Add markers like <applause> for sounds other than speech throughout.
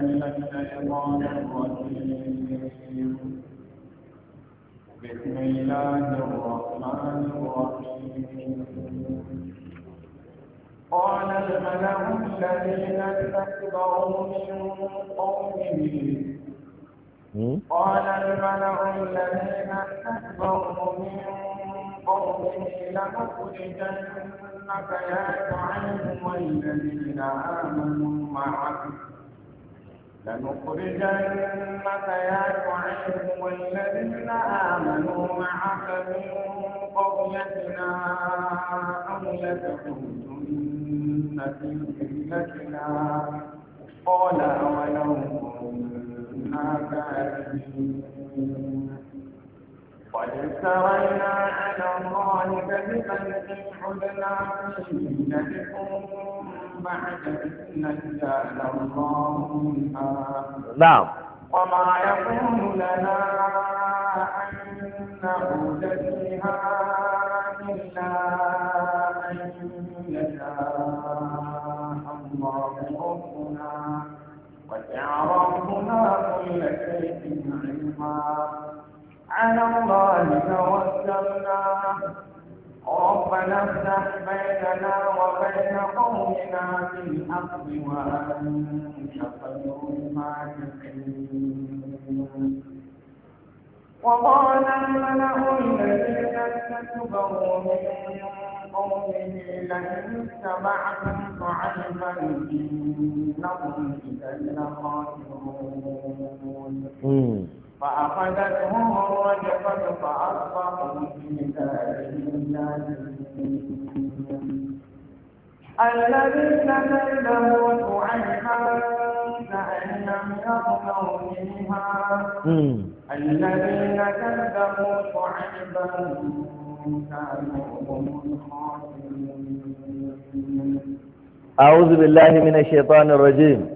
من الشيطان الرجيم بسم الله الرحمن الرحيم قال الملأ الذين استكبروا من قومه قال الملأ الذين استكبروا من قومه لنخرجنك يا شعيب والذين آمنوا معك لنخرجنك يا شعيب والذين آمنوا معك من قريتنا أو لتكنن في ملتنا قال ولو كنا كارهين قد افترينا على الله كذبا إن عدنا في دينكم بعد إنك على الله نعم وما يكون لنا أن نعود إلا أن يشاء الله ربنا وسع ربنا كل شيء علما على الله توكلنا ربنا افتح بيننا وبين قومنا بالحق وأنت خير المعتقين وقال الملأ الذين استكبروا من قومه لئن اتبعتم ضعيفا إنهم إذا لخاسرون فأخذتهم الرجفة فأصبحوا في دارهم نادمين الذين كذبوا شعيبا كأن لم يغنوا فيها الذين كذبوا شعيبا كانوا هم الخاسرين أعوذ بالله من الشيطان الرجيم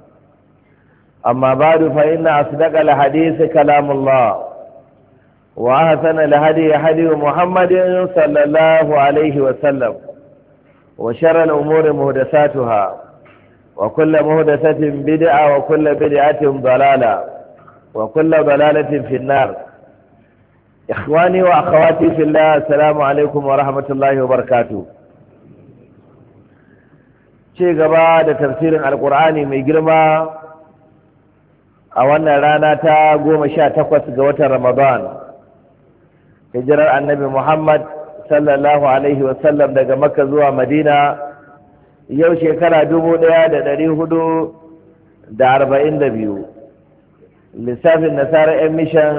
أما بعد فإن أصدق الحديث كلام الله وأحسن الهدي هدي محمد صلى الله عليه وسلم وشر الأمور مهدساتها وكل مهدسة بدعة وكل بدعة ضلالة وكل ضلالة في النار إخواني وأخواتي في الله السلام عليكم ورحمة الله وبركاته شيء قبعة تفسير القرآن من جرمه a wannan rana ta goma sha takwas ga watan ramadan hijirar annabi muhammad sallallahu alaihi wasallam daga makka zuwa madina yau shekara dubu ɗaya da ɗari hudu da arba'in da biyu lissafin nasarar yan mishan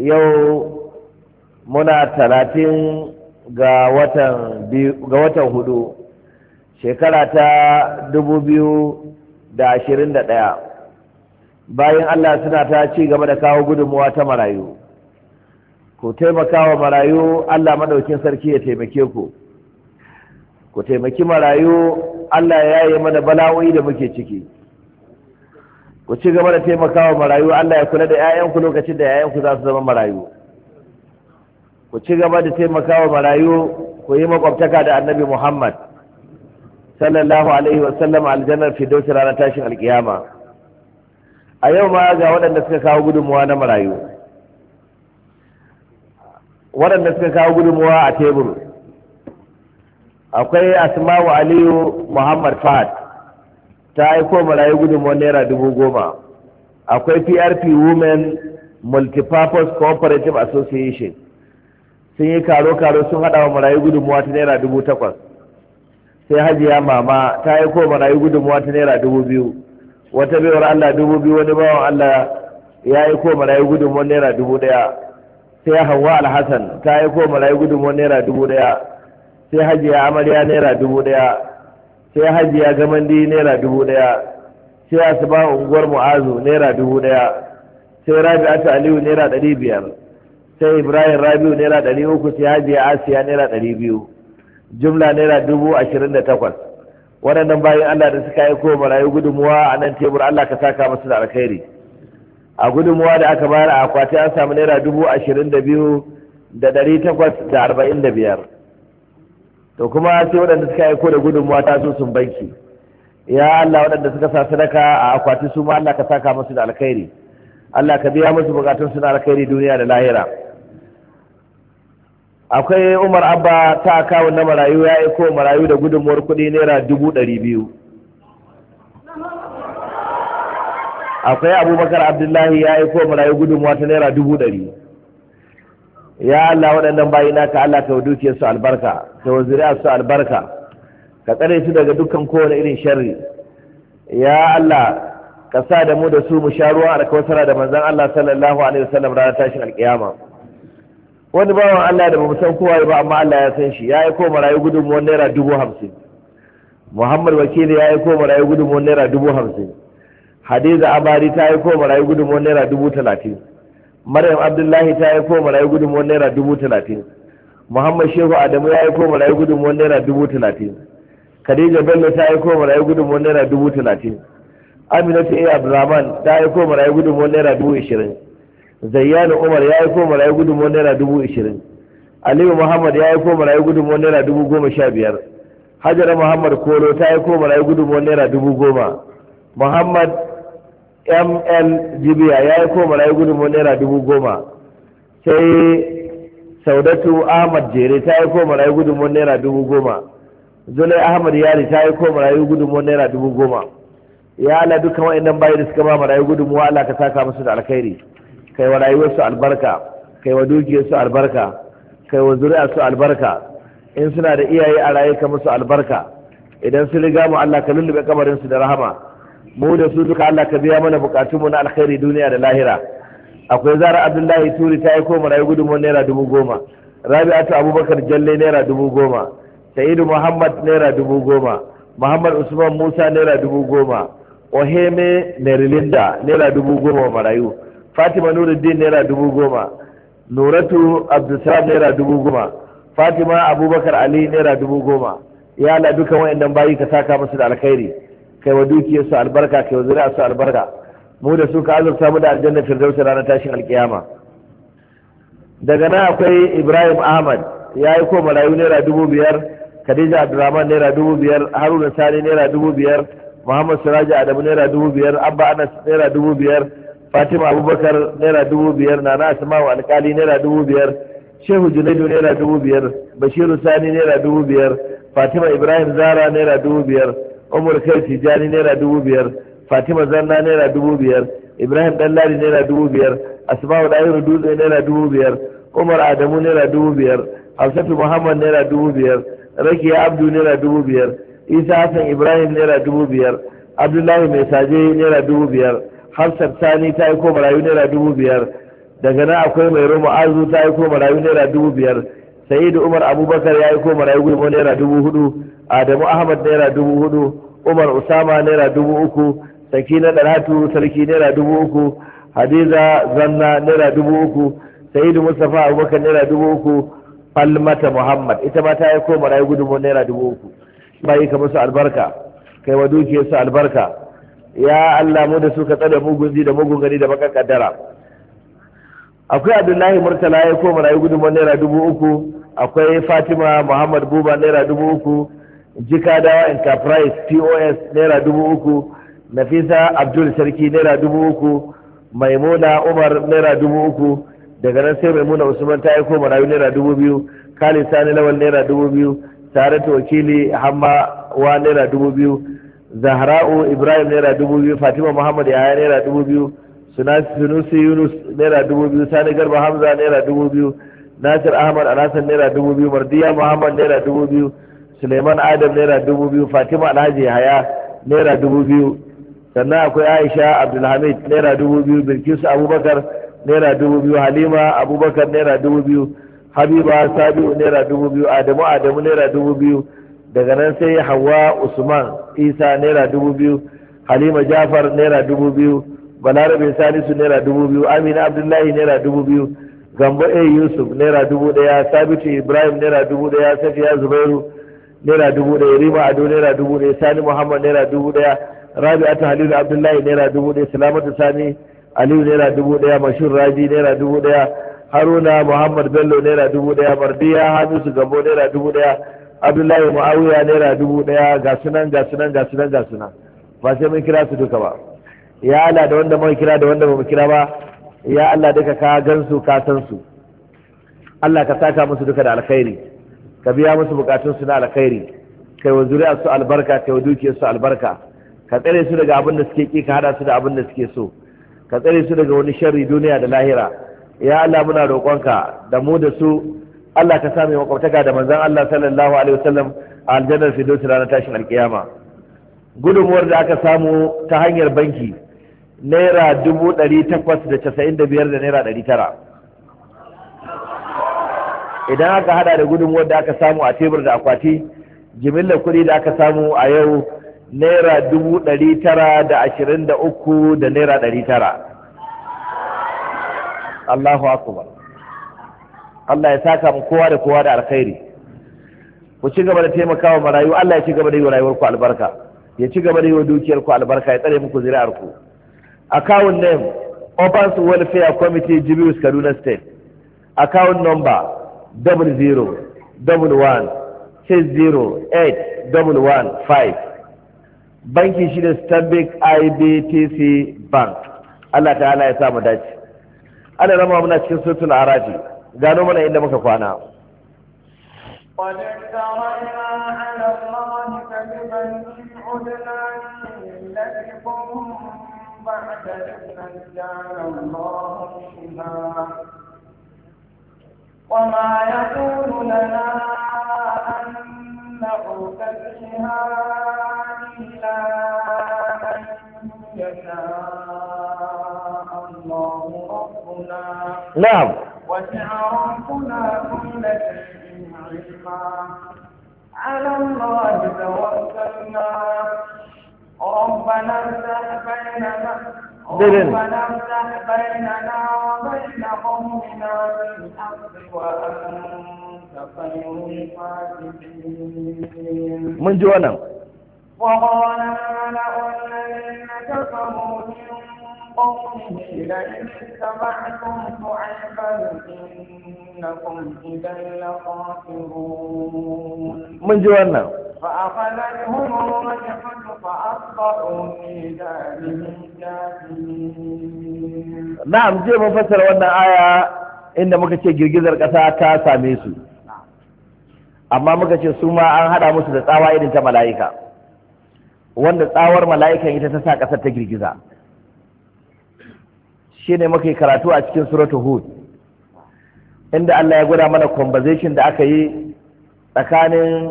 yau muna talatin ga watan hudu shekara ta dubu biyu da ashirin da ɗaya bayan Allah suna ta ci gaba da kawo gudunmuwa ta marayu ku taimaka wa marayu Allah madaukin sarki ya taimake ku ku taimaki marayu Allah ya yi mana bala'o'i da muke ciki ku ci gaba da taimaka wa marayu Allah ya kula da 'ya'yanku lokacin da 'ya'yanku za su zama marayu ku ci gaba da taimaka wa marayu ku yi makwabtaka da annabi Muhammad sallallahu alaihi wasallam aljannar firdausi ranar tashin alkiyama a yau ma ga waɗanda suka kawo gudunmuwa na marayu waɗanda suka kawo gudunmuwa a tebur akwai asma'u aliyu muhammad fahad ta aiko marayu gudunmuwa naira dubu goma akwai prp women multipurpose cooperative association sun yi karo-karo sun haɗa wa marayu gudunmuwa ta naira dubu takwas sai hajiya mama ta aiko marayu gudunmuwa ta naira dubu biyu wata baiwar Allah dubu biyu wani bawan Allah ya yi ko marayu wani naira dubu ɗaya sai hawa alhassan ta yi ko marayu wani naira dubu ɗaya sai hajiya amarya naira dubu ɗaya sai hajiya gamandi naira dubu ɗaya sai asuba unguwar mu'azu naira dubu ɗaya sai rabi'atu aliyu naira ɗari biyar sai ibrahim rabiu naira ɗari uku sai hajiya asiya naira ɗari biyu jumla naira dubu ashirin da takwas waɗannan bayan Allah da suka aiko marayu gudunmuwa a nan tebur Allah ka saka masu da alkhairi a gudunmuwa da aka bayar a akwati an samu naira dubu ashirin da biyu da ɗari takwas da arba'in da biyar to kuma sai waɗanda suka aiko da gudunmuwa ta zo sun banki ya Allah waɗanda suka sa sadaka a akwati su ma Allah ka saka masu da alkhairi Allah ka biya musu bukatun su na alkhairi duniya da lahira akwai umar abba ta kawo na marayu ya aiko marayu da gudunmuwar kudi naira dubu ɗari biyu akwai abubakar abdullahi ya aiko marayu gudunmuwa ta naira dubu ɗari ya allah waɗannan bayi ka allah ka dukiyar su albarka ka wazuriya su albarka ka tsare su daga dukkan kowane irin sharri ya allah ka sa da mu da su mu sha ruwa a da manzan allah sallallahu alaihi wasallam ranar tashin alkiyama wani bawan Allah da bamu san kowa ba amma Allah ya san shi ya yi koma rayu mu naira dubu hamsin Muhammad Wakili ya yi koma rayu mu naira dubu hamsin Hadiza Abari ta yi koma rayu mu naira dubu talatin Maryam Abdullahi ta yi koma rayu mu naira dubu talatin Muhammad Shehu Adamu ya yi koma rayu mu naira dubu talatin Khadija Bello ta yi koma rayu mu naira dubu talatin Aminatu A. Abdulrahman ta yi koma rayu mu naira dubu ishirin zayyana umar ya yi koma rayu gudunmuwar naira dubu ishirin aliyu muhammad ya yi aiko marayu gudunmuwar naira dubu goma sha biyar hajjara muhammad kolo ta yi aiko marayu gudunmuwar naira dubu goma muhammad ml jibiya ya aiko marayu gudunmuwar naira dubu goma sai saudatu ahmad jere ta yi aiko marayu gudunmuwar naira dubu goma zulai ahmad yari ta yi aiko marayu gudunmuwar naira dubu goma ya ala dukkan wa'annan bayi da suka ba yi gudunmuwa allah ka saka musu da alkhairi kai wa rayuwarsu albarka kai wa su albarka kai wa zuri'arsu albarka in suna da iyaye a raye musu albarka idan sun riga mu Allah ka lullube su da rahama mu da su duka Allah ka biya mana mu na alkhairi duniya da lahira akwai zara abdullahi turi ta aiko mu rayu gudunmu naira dubu goma rabi'atu abubakar jalle naira dubu goma sa'idu muhammad naira dubu goma muhammad usman musa naira dubu goma oheme nerilinda naira dubu goma marayu fatima nuruddin naira dubu goma nuratu abdulsalam naira dubu goma fatima abubakar ali naira dubu goma ya ala dukan wayannan bayi ka saka musu da alkhairi kai wa su albarka kai wa su albarka mu da su ka azurta mu da aljanna firdausa ranar tashin alkiyama daga nan akwai ibrahim ahmad ya yi ko marayu naira dubu biyar khadija abdulrahman naira dubu biyar haruna sani naira dubu biyar muhammad siraji adamu naira dubu biyar abba anas naira dubu biyar fatima abubakar naira dubu biyar nana asma'u alkali naira dubu biyar shehu junaidu naira dubu biyar bashiru sani naira dubu biyar fatima ibrahim zara naira dubu biyar umar kai tijani naira dubu biyar fatima zanna naira dubu biyar ibrahim dallari naira dubu biyar asma'u dahiru dutse naira dubu biyar umar adamu naira dubu biyar hafsatu muhammad naira dubu biyar rakiya abdu naira dubu biyar isa hassan ibrahim naira dubu biyar abdullahi mai saje naira dubu biyar hafsar sani ta yi koma marayu naira dubu biyar daga nan akwai mai romo azu ta koma marayu naira dubu biyar saidu umar abubakar ya yi aiko marayu gulmo naira dubu hudu adamu ahmad naira dubu hudu umar usama naira dubu uku saki na ɗanatu sarki naira dubu uku hadiza zanna naira dubu uku saidu mustapha abubakar naira dubu uku falmata muhammad ita ma ta yi aiko marayu gudunmu naira dubu uku bai ka musu albarka kai wa dukiyarsu albarka ya Allah mu da su ka tsada mugun da mugun gani da baka kaddara akwai abdullahi murtala ya koma rayu gudunmar naira dubu uku akwai fatima muhammad buba naira dubu uku jikadawa enterprise pos naira dubu uku nafisa abdul sarki naira dubu uku maimuna umar naira dubu uku daga nan sai maimuna usman ta aiko marayu naira dubu biyu khalid sani lawal naira dubu biyu tare ta wakili hamma wa naira dubu biyu zahra'u ibrahim naira dubu biyu fatima muhammad yahaya naira dubu biyu sunusi yunus naira dubu biyu sani garba hamza naira dubu biyu nasir ahmad Alhassan naira dubu biyu mardiya muhammad naira dubu biyu suleiman adam naira dubu biyu fatima alhaji yahaya naira dubu biyu sannan akwai aisha abdulhamid naira dubu biyu bilkisu abubakar naira dubu biyu halima abubakar naira dubu biyu habiba sabiu naira dubu biyu adamu adamu naira dubu biyu daga nan sai hawa usman isa naira dubu biyu halima jafar naira dubu biyu balarabe salisu naira dubu biyu amina abdullahi naira dubu biyu gambo a yusuf naira dubu daya sabitu ibrahim naira dubu daya safiya zubairu naira dubu daya rima ado naira dubu daya sani muhammad naira dubu daya rabi'atu halilu abdullahi naira dubu daya salamatu sani aliyu naira dubu daya mashur raji naira dubu daya haruna muhammad bello naira dubu daya mardiya hamisu gambo naira dubu daya abdullahi ma'awiya naira dubu ɗaya ga sunan ga sunan ga sunan ga sunan ba sai mun kira su duka ba ya Allah da wanda mun kira da wanda ba mu kira ba ya Allah duka ka gansu ka san su Allah ka saka musu duka da alkhairi ka biya musu bukatun su na alkhairi kai wa zuri'ar su albarka kai wa dukiyar su albarka ka tsare su daga abin da suke ki ka hada su da abin da suke so ka tsare su daga wani sharri duniya da lahira ya Allah muna roƙonka da mu da su Allah ka same makwabtaka da manzan Allah sallallahu alaihi wasallam a aljannar firdausi ranar tashin alkiyama gudunmuwar da aka samu ta hanyar banki naira dubu ɗari takwas da casa'in da biyar da naira ɗari tara idan aka hada da gudunmuwar da aka samu a tebur da akwati jimillar kuɗi da aka samu a yau naira dubu ɗari tara da ashirin da uku da naira ɗari tara Allahu akbar Allah ya saka mu kowa da kowa da alkhairi ku ci gaba da taimakawa marayu Allah ya ci gaba da yi wa rayuwar ku albarka ya ci gaba da yi wa dukiyar ku albarka ya tsare muku zuri'ar ku account name Open Welfare Committee Jibius Kaduna State account number double zero double one six zero eight double one five banki shi ne Stanbic IBTC Bank Allah ta'ala ya sa mu dace Allah rama muna cikin suratul araji gano mana inda muka kwana قد افترينا على الله بعد الله وما يقول لنا أن نعود إلا أن يشاء الله ربنا نعم وسع ربنا كل شيء علما على الله توكلنا ربنا افتح بيننا ربنا افتح بيننا وبين قومنا بالحق وأنت خير الفاتحين من جوانا وقال الملأ الذين كفروا من قومه لئن اتبعتم شعيبا إنكم إذا لخاسرون من جوانا نعم مفسر وانا آية inda muka ce girgizar ƙasa ta same su amma muka ce su ma an haɗa musu da tsawa irin ta mala'ika wanda tsawar mala'ikan ita ta sa ƙasar ta girgiza shine muka yi karatu a cikin Suratu hud inda Allah ya gwada mana conversation da aka yi tsakanin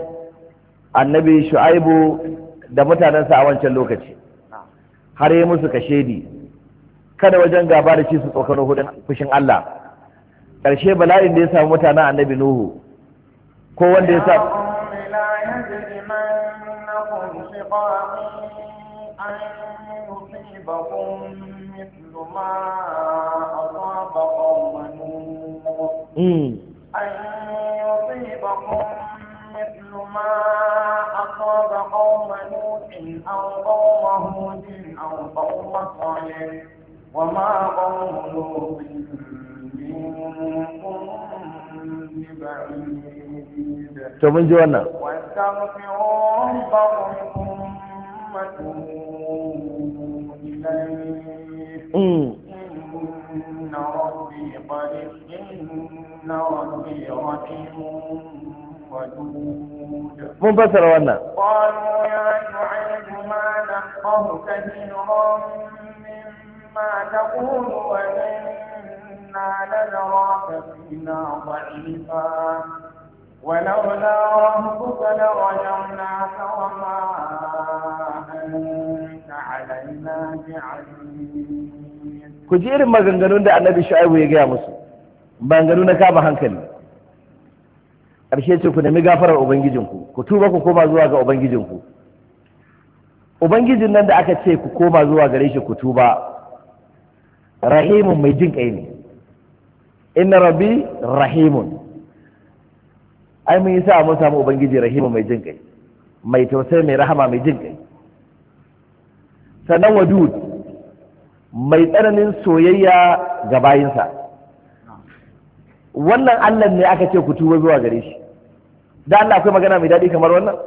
annabi shu'aibu da mutanensa a wancan lokaci har yi musu kashedi kada wajen gaba da shi su tsokano hudun fushin Allah ƙarshe bala'in da ya samu mutanen annabi nuhu ko wanda ya samu أن يصيبكم مثل ما أصاب قوم نوح أن يصيبكم مثل ما أصاب قوم نوح أو قوم هود أو قوم صالح وما قوم لوط منكم ببعيد. تمنجونا. واستغفروا ربكم رحمته إليه إن ربي قريب إن ربي رحيم ودود منبسر وانا قالوا يا شعيب ما نفقه كثيرا مما تقول وإنا لنراك فينا ضعيفا ولولا رهبك لرجمناك وما ku ji irin maganganun da annabi shu'aibu ya gaya musu maganganu na kama hankali ƙarshe ce ku nemi gafarar ubangijinku ku tuba ku koma zuwa ga ubangijinku ubangijin nan da aka ce ku koma zuwa gare shi ku tuba rahimun mai jin kai ne inna rabbi rahimun ai mun yi sa mun samu ubangiji rahimun mai jin ƙai mai tausayi mai rahama mai jin ƙai sanan wadud mai tsananin soyayya ga bayinsa wannan Allah ne aka ce ku tuba zuwa gare shi da Allah akwai magana mai daɗi kamar wannan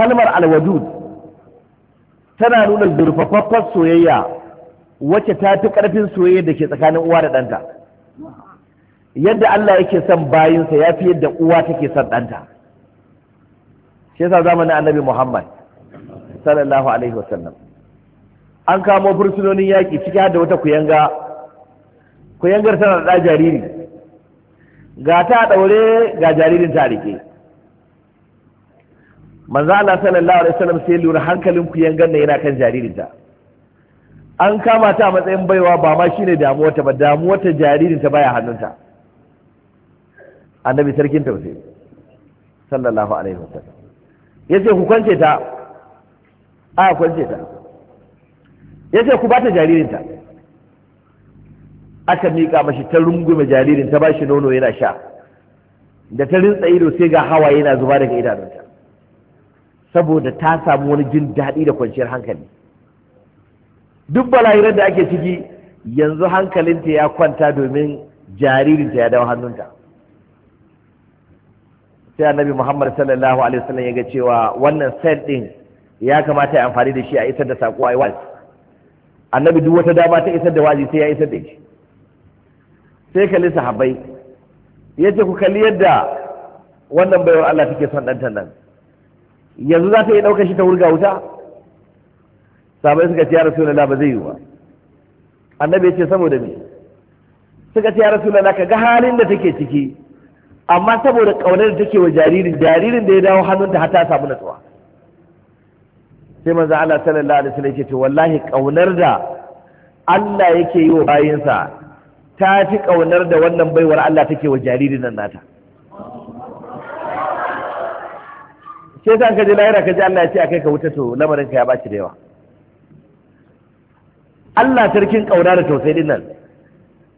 kalmar alwadud tana nuna zurfafafar soyayya wacce ta fi ƙarfin soyayya da ke tsakanin uwa da ɗanta yadda Allah yake son bayinsa ya fi yadda uwa take son ɗanta shi yasa zamanin annabi muhammad sallallahu alaihi wasallam an kamo fursunonin yaƙi ciki da wata kuyanga kuyangar tana da jariri ga ta ɗaure ga jaririn ta rike manzo Allah sallallahu alaihi wasallam sai lura hankalin kuyangar na yana kan jaririnta an kama ta a matsayin baiwa ba ma shine ta ba jaririn jaririnta baya hannunta annabi sarkin tausayi sallallahu alaihi wasallam ya ce ku kwance ta a kwance ta ya ce ku ba ta jaririnta aka miƙa mashi ta rungume jaririn ta ba shi nono yana sha da ta rinsa ido sai ga hawa yana zuba daga idanunta saboda ta samu wani jin daɗi da kwanciyar hankali duk balayiran da ake ciki yanzu hankalinta ya kwanta domin jaririnta ya dawo hannunta sai annabi muhammad sallallahu alaihi wasallam ya ga cewa wannan set din ya kamata ya amfani da shi a isar da saƙo a wazi annabi duk wata dama ta isar da wazi sai ya isar da shi sai kalli sahabbai ya ce ku kalli yadda wannan baiwar Allah take son ɗanta nan yanzu za ta yi ɗaukar shi ta wurga wuta sabai suka ce ya rasulullah ba zai yi ba annabi ya ce saboda me suka ce ya rasulullah ka ga halin da take ciki amma saboda ƙaunar da take wa jaririn jaririn da ya dawo hannunta har ta samu natsuwa sai manzo Allah sallallahu alaihi wasallam yake ce wallahi ƙaunar da Allah yake yi wa bayinsa ta fi ƙaunar da wannan baiwar Allah take wa jaririn nan nata sai san ka ji lahira ka ji Allah ya ce akai ka wuta to lamarin ka ya baci da yawa Allah sarkin ƙauna da tausayi nan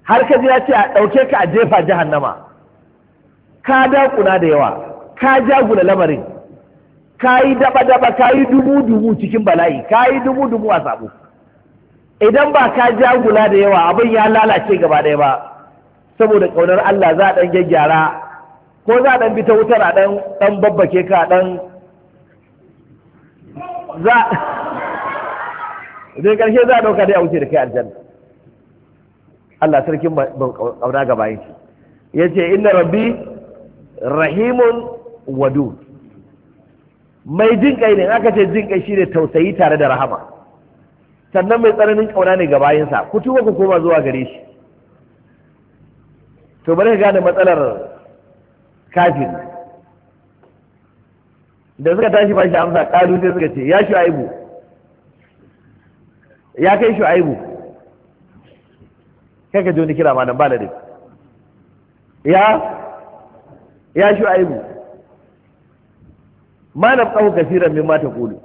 har ka ji ya ce a ɗauke ka a jefa jahannama ka dakuna da yawa ka jagula lamarin ka yi daba-daba ka yi dubu-dubu cikin bala'i ka yi dubu-dubu a sabo idan ba ka jagula da yawa abin ya lalace gaba ɗaya ba saboda ƙaunar Allah za a ɗan gyaggyara ko za a ɗan bi ta wutar a ɗan ɗan babbake ka ɗan za zai <laughs> karshe za a ɗauka dai a wuce da kai aljanna Allah sarkin ban ƙauna gaba yake ya ce inna rabbi rahimun wadu. mai jin kai ne aka ce jin kai shine tausayi tare da rahama sannan mai tsananin kauna ne ga bayinsa ku tuba ku koma zuwa gare shi to bari ka gane matsalar kafin da suka tashi ba shi amsa kalu sai suka ce ya shu'aibu ya kai shu'aibu kai ka ji wani kira ma nan ba da ya ya shu'aibu ma na tsawo kasiran min mata kulu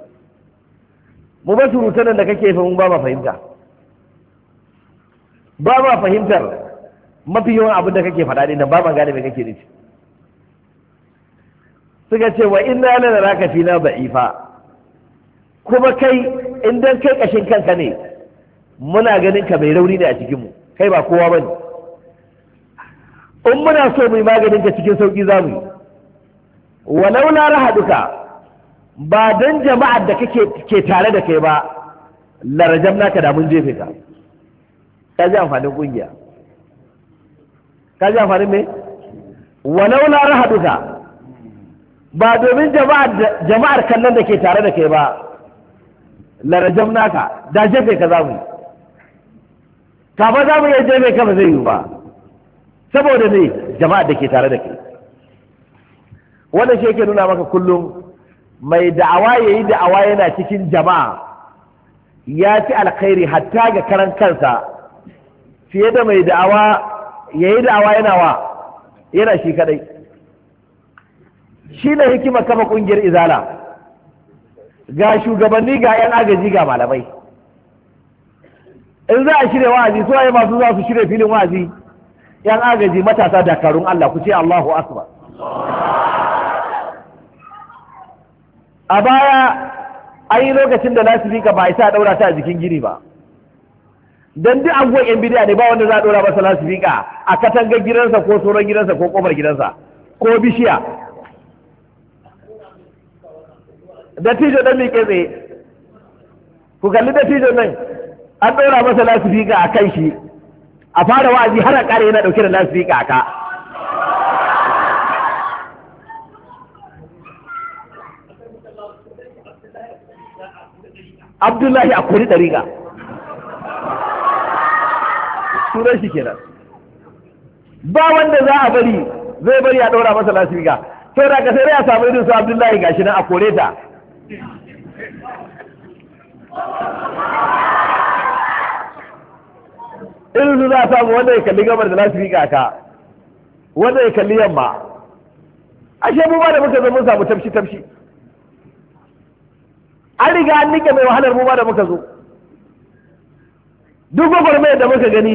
mu ba surutan da kake fa mun ba ma fahimta ba ma fahimtar mafi yawan abin da kake faɗa din ba ma gane mai kake nufi suka ce wa da la naraka fina ba'ifa kuma kai in dan kai ƙashin kanka ne muna ganin ka mai rauni ne a cikinmu kai ba kowa ba ne. in muna so mu yi maganin ka cikin sauki za mu yi walau na duka ba don jama'ar da kake ke tare da kai ba larajam naka da mun jefe ka ka ji amfanin kungiya ka ji amfanin me walau na duka ba domin jama'ar kallon da ke tare da kai ba larajam naka da jefe ka za mu yi ka ba za mu iya jefe ka ba zai yi ba saboda ne jama'a da ke tare da kai wannan shi yake nuna maka kullum mai da'awa ya yi da'awa yana cikin jama'a ya ci alkhairi hatta ga karan kansa fiye da mai da'awa ya yi da'awa yana wa yana shi kadai shi ne hikima kama kungiyar izala ga shugabanni ga 'yan agaji ga malamai in za a shirya wa'azi su waye masu za su shirya filin wa'azi yan agaji matasa dakarun Allah ku ce Allahu akbar a baya an yi lokacin da lasifika ba a isa ɗaura ta a jikin gini ba dan duk an yan bidiya ne ba wanda za a daura masa lasifika a katangar gidansa ko sauran gidansa ko ƙofar gidansa ko bishiya dattijo ɗan miƙe tsaye ku kalli dattijo nan an ɗora masa lasifika a kan shi a fara wa'azi har a ƙare yana ɗauke da lasifika ka abdullahi a kori ɗariga turan shi kenan ba wanda za a bari zai bari a ɗora masa ga sai da ka sai ya samu irin su abdullahi gashi nan a kore ta irin su za a samu wanda ya kalli gabar da lasifika ka wanda ya kalli yamma ashe mu ba da muka zo mun samu tafshi tafshi an riga an nike mai wahalar mu ba da muka zo duk mai da muka gani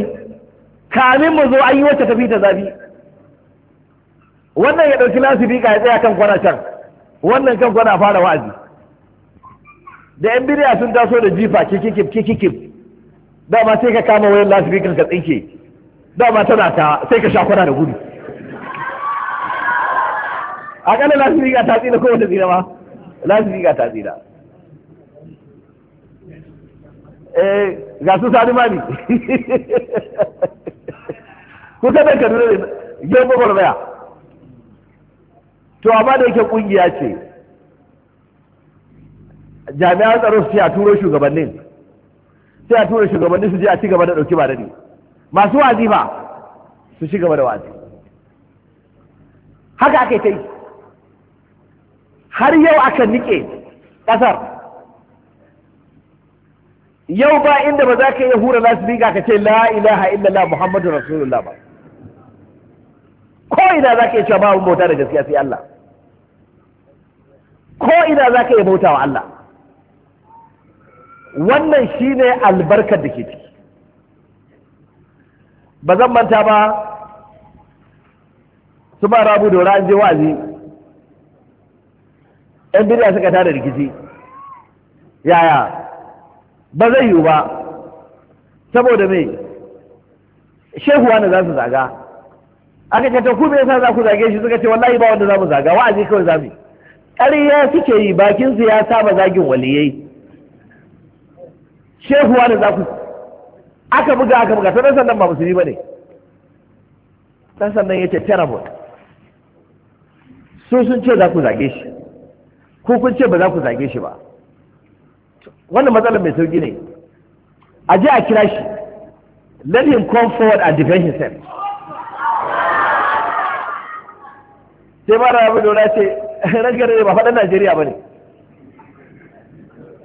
kamin mu zo an yi wacce tafi ta zafi wannan ya ɗauki lasifika ya tsaya kan kwana can wannan kan kwana fara wa'azi da yan bidiya sun taso da jifa kikikip kikikip dama sai ka kama wayan lasifikin ka tsinke dama tana ta sai ka sha kwana da gudu a kana lasifika ta tsira ko wata tsira ba lasifika ta tsira eh ga su sadu mani ko ta da kaduna ne gemu baya. to amma da yake kungiya ce jami'an tsaro su ce a turo shugabannin sai a tura shugabanni su je a ci gaba da ɗauki ba da ni masu wazi ba su ci gaba da wazi haka aka yi ta yi har yau aka nike ƙasar yau ba inda ba za ka iya hura lasbika ka ce la ilaha illallah muhammadu rasulullah ba ko ina za ka iya cewa babu bauta da gaskiya sai Allah ko ina za ka iya bauta wa Allah wannan shine albarkar da ke ciki ba zan manta ba su ba rabu da an je wa'azi yan bidiya suka tada rikici yaya ba zai yiwu ba saboda me shehuwa na za su zaga aka ce ta kuma yasa za ku zage shi suka ce wallahi ba wanda za mu zaga wa'azi kawai za mu yi. ƙarya suke yi bakin su ya saba zagin waliyai shehuwa da za ku aka buga aka buga sannan sannan ba musulmi ba ne sannan ya ce terrible su sun ce za ku zage shi ko kun ce ba za ku zage shi ba wannan matsalar mai sauki ne a je a kira shi let him come forward and defend himself sai ba da abu da ce ran ne ba faɗin najeriya ba ne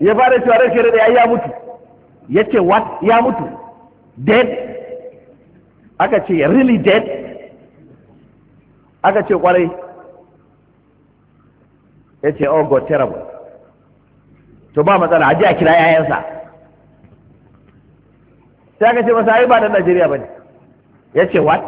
ya fara cewa ran da ya mutu ya ce what ya mutu dead aka ce really dead aka ce kwarai ya ce oh god terrible to ba matsala aje a kira yayansa sai aka ce masa ai ba da Najeriya bane ya ce what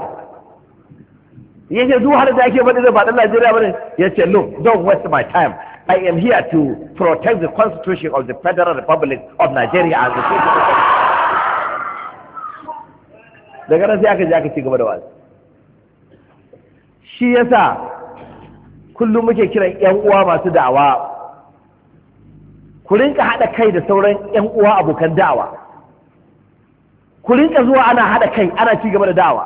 ya ce duk har da ake faɗi zai ba da Najeriya bane ya ce no don't waste my time I am here to protect the Constitution of the Federal Republic of Nigeria as the state Daga nan sai aka je aka ci gaba da wasu. Shi ya sa kullum muke kiran 'yan uwa masu da'awa ku rinka haɗa kai da sauran 'yan uwa abokan da'awa. Ku rinka zuwa ana haɗa kai ana ci gaba da da'awa.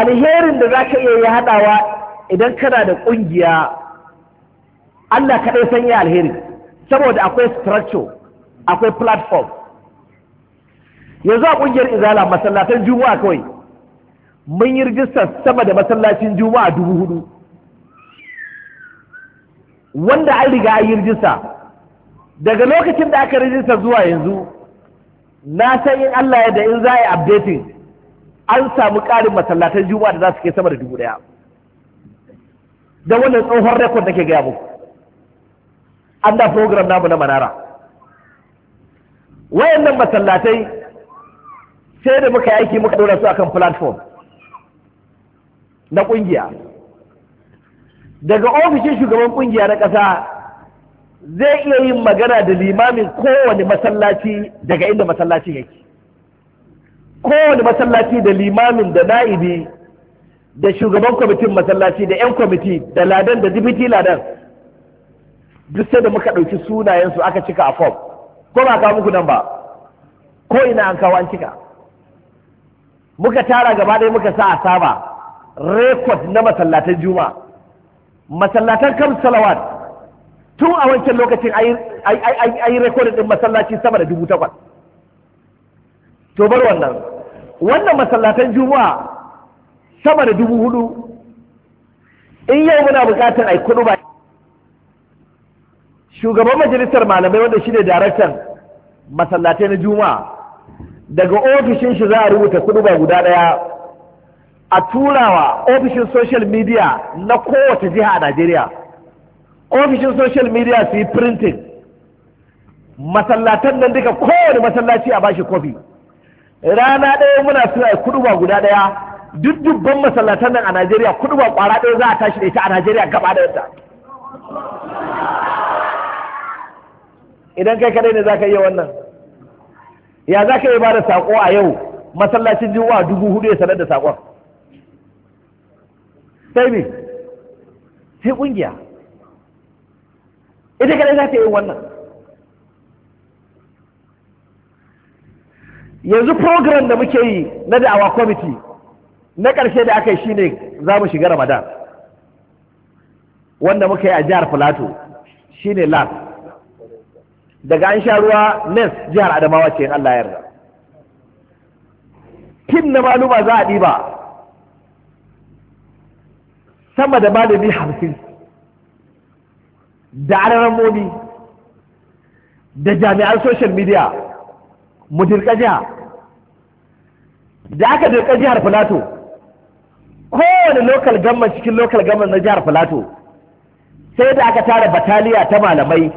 Alherin da za ka iya yi haɗawa idan kana da ƙungiya Allah kaɗai san yi alheri saboda akwai structure akwai platform yanzu a ƙungiyar izala masallatan juma'a kawai mun yi rijistar sama da masallacin juma'a dubu hudu wanda an riga yi rijista daga lokacin da aka rijista zuwa yanzu na san in Allah ya in za a yi updating an samu ƙarin masallatan juma'a da za su kai sama da dubu ɗaya da wannan tsohon rekod ke gaya muku an program namu na manara wayannan masallatai sai da muka aiki muka dora su akan platform na kungiya daga ofishin shugaban kungiya na ƙasa zai iya yin magana da limamin kowane masallaci daga inda masallaci yake kowane masallaci da limamin da na'ibi da shugaban kwamitin masallaci da 'yan kwamiti da ladan da dibiti ladan duk sai da muka ɗauki sunayensu aka cika a form ko ba kawo muku nan ba ko ina an kawo an cika muka tara gaba ɗaya muka sa a saba rekod na masallatan juma masallatan kam salawat tun a wancan lokacin a yi rekod ɗin masallaci sama da dubu takwas to bar wannan wannan masallatan juma sama da dubu hudu in yau muna buƙatar a yi kudu ba shugaban majalisar malamai wanda shi ne daraktan masallatai na juma'a daga ofishin shi za a rubuta kudu ba guda ɗaya a turawa ofishin social media na kowace jiha a najeriya ofishin social media su yi printing masallatan nan duka kowane masallaci a bashi kofi rana ɗaya muna suna kudu ba guda ɗaya duk dubban masallatan nan a najeriya kudu ba kwara ɗaya za a tashi da ita a najeriya gaba ɗaya yadda. idan kai kadai ne za ka iya wannan ya za ka iya ba da saƙo a yau masallacin juma'a dubu hudu ya sanar da saƙon sai me sai ƙungiya ita kadai za ta yi wannan yanzu program da muke yi na da'awa kwamiti na ƙarshe da aka yi shine za mu shiga ramadan wanda muka yi a jihar filato shine last daga an sha ruwa nes jihar adamawa ce Allah ya yarda tim na maluma za a ɗiba sama da malami hamsin da aramomi da jami'an social media mu dirka jiha da aka dirka jihar filato kowane lokal gamman cikin lokal gamman na jihar filato sai da aka tara bataliya ta malamai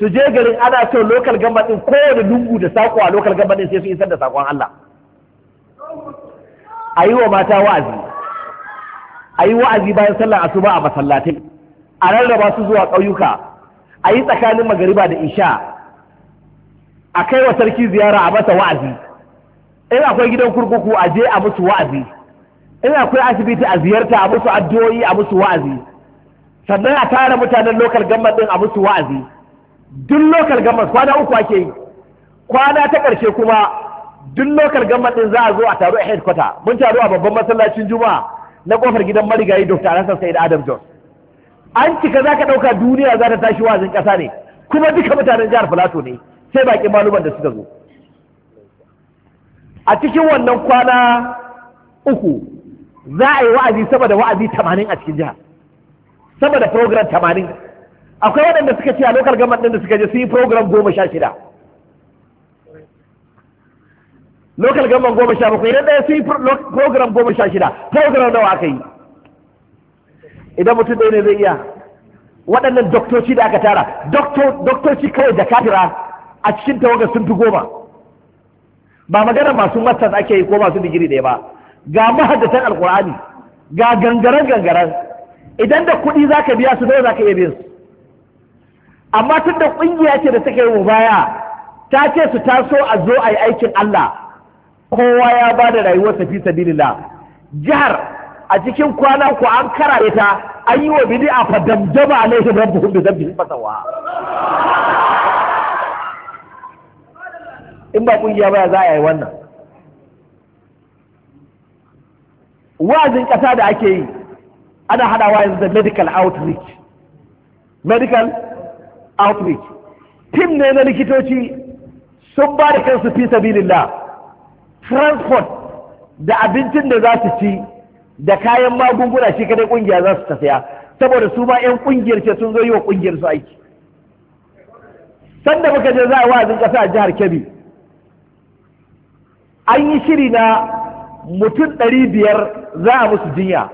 su je garin ana so lokal gamba ɗin kowane lungu da saƙo a lokal gamba ɗin sai su isar da saƙon Allah a yi wa mata wa'azi a yi wa'azi bayan sallar asuba a masallatai a rarraba su zuwa ƙauyuka a yi tsakanin magariba da isha a kai wa sarki ziyara a masa wa'azi in akwai gidan kurkuku a je a musu wa'azi in akwai asibiti a ziyarta a musu addu'o'i a musu wa'azi sannan a tara mutanen lokal gamba ɗin a musu wa'azi duk lokal gamas kwana uku ake yi kwana ta ƙarshe kuma duk lokal gamas din za a zo a taro a headquarter mun taru a babban masallacin juma'a na ƙofar gidan marigayi dr Hassan said adam jones an cika za ka ɗauka duniya za ta tashi wazin ƙasa ne kuma duka mutanen jihar filato ne sai baƙin maluman da suka zo a cikin wannan kwana uku za a yi wa'azi sama da wa'azi tamanin a cikin jihar sama da program tamanin akwai waɗanda suka ce a local government ɗin da suka je su yi program goma sha shida local government goma sha bakwai idan ɗaya su yi program goma sha shida program nawa aka yi idan mutum ɗaya ne zai iya waɗannan doktoci da aka tara doktoci kawai da kafira a cikin tawagar sun fi goma ba magana masu masters ake yi ko masu digiri ɗaya ba ga mahaddatan alkur'ani ga gangaren gangaren idan da kuɗi za ka biya su nawa za ka iya biyan su amma tun da ƙungiya ce da suka yi mu baya ta ce su taso a zo a yi aikin Allah kowa ya ba da rayuwarsa fi sabilila jihar a cikin kwana ku an karaye ta an yi wa fadamdama a damdama rabu hudu bi dhanbihim fasawa in ba ƙungiya ba za a yi wannan wa'azin ƙasa da ake yi ana haɗawa yanzu da medical outreach medical outreach tim ne na likitoci sun ba da kansu fi sabilillah transport da abincin da za su ci da kayan magunguna shi kadai kungiya za su tafiya saboda su ma yan kungiyar ce sun zo yi wa kungiyar su aiki sanda muka je za a wa'azin kasa a jihar Kebbi an yi shiri na mutum ɗari biyar za a musu jinya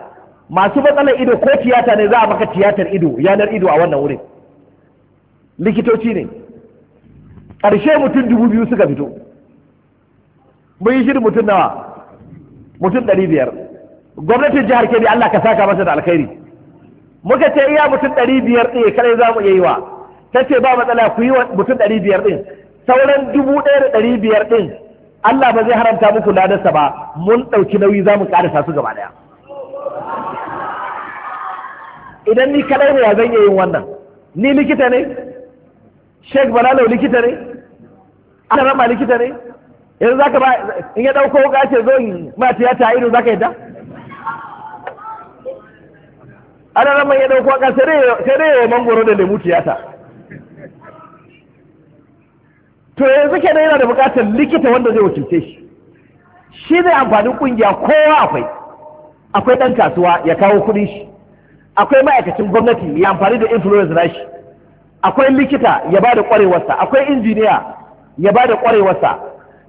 masu matsalar ido ko tiyata ne za a maka tiyatar ido yanar ido a wannan wurin likitoci ne ƙarshe mutum dubu biyu suka fito mun yi shirin mutum nawa mutum ɗari biyar gwamnatin jihar kebbi allah ka saka masa da alkhairi muka ce iya mutum ɗari biyar ɗin kare za mu iya yi wa ta ce ba matsala ku yi wa mutum ɗari biyar ɗin sauran dubu ɗaya da ɗari biyar ɗin allah ba zai haramta muku ladarsa ba mun ɗauki nauyi za mu ƙarasa su gaba ɗaya idan ni kadai ne ya zan iya yin wannan ni likita ne sheik balalo likita ne ana rama likita ne yanzu zaka ba in ya dauko ga ce zo yi ma tiyata ido zaka yadda ana rama ya dauko ga sai dai ya mangoro da lemu tiyata to yanzu kenan yana da bukatar likita wanda zai wakilce shi shi ne amfanin kungiya kowa akwai akwai dan kasuwa ya kawo kudin shi akwai ma'aikacin gwamnati ya amfani da influence na shi akwai likita ya ba da ƙwarewarsa akwai injiniya ya ba da ƙwarewarsa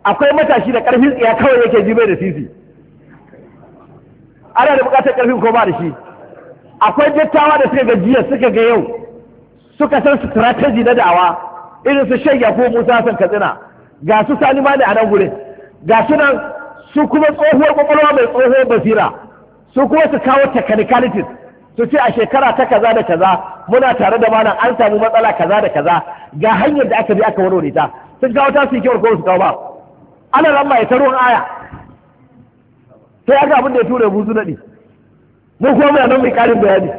akwai matashi da ƙarfin tsiya kawai yake jibe da sisi ana da buƙatar ƙarfin ko da shi akwai dattawa da suka gajiya suka ga yau suka san strategy na da'awa irin su shayya ko musa san katsina ga su salima ne a nan gurin ga su nan su kuma tsohuwar kwakwalwa mai tsohuwar basira su kuma su kawo technicalities su ce a shekara ta kaza da kaza muna tare da malam an samu matsala kaza da kaza ga hanyar da aka bi aka warware ta sun kawo ta su kyau ko su kawo ba ana ramma ya taron aya sai aka abin da ya tura buzu daɗi mun kuma mai nan mai ƙarin bayani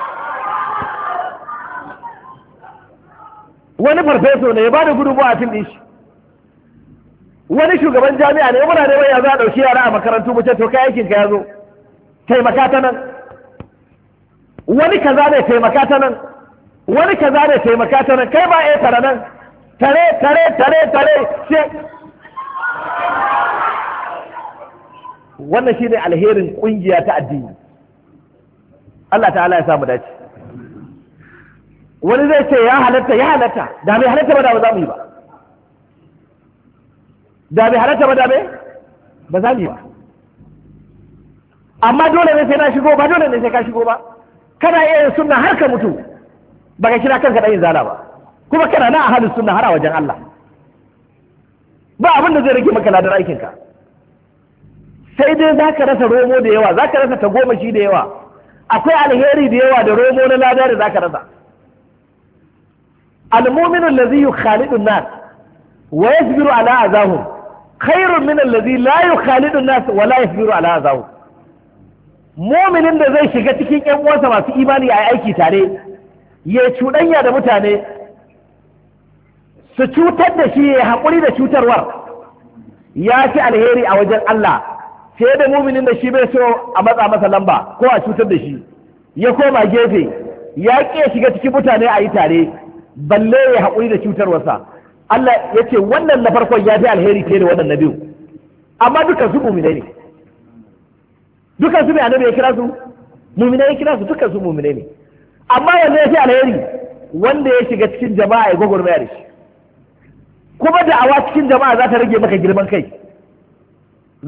<laughs> wani farfeso ne ya ba da gudu a fil shi wani shugaban jami'a ne muna neman ya za a ɗauki yara a makarantu mu ce to kai aikin ka ya zo taimaka ta nan wani kaza ne taimaka ta nan wani kaza ne taimaka ta nan kai ba a eh, tare nan tare tare tare tare ce. wannan shine alherin kungiya ta addini Allah ta'ala ya samu dace wani zai ce ya halatta ya halatta da bai halatta ba da ba za mu yi ba da bai halatta ba da ba za mu yi ba amma dole ne sai na shigo ba dole ne sai ka shigo ba kana iya yin sunna har ka mutu ka kira kanka ɗayin zala ba kuma kana na ahlus sunna har a wajen Allah ba abin da zai rage maka ladar aikinka. sai dai za ka rasa romo da yawa za ka rasa tagomashi da yawa akwai alheri da yawa da romo na lada da za ka rasa المؤمن الذي يخالد الناس ويصبر على أذاهم خير من الذي لا يخالد الناس ولا يصبر على أذاهم muminin da zai shiga cikin yan masu imani a aiki tare ya cuɗanya da mutane su cutar da shi ya haƙuri da cutarwar ya fi alheri a wajen Allah sai da muminin da shi bai so a matsa masa lamba ko a cutar da shi ya koma gefe ya ƙi shiga cikin mutane a yi tare balle ya haƙuri da cutarwarsa Allah ya ce wannan na farkon ya fi alheri fiye da wannan na biyu amma duka su ne dukan su mai annabi ya kira su mu'mina ya kira su dukan su mu'mina ne amma yanzu ya fi alheri wanda ya shiga cikin jama'a ya gwagwarmaya mayar shi kuma da awa cikin jama'a za ta rage maka girman kai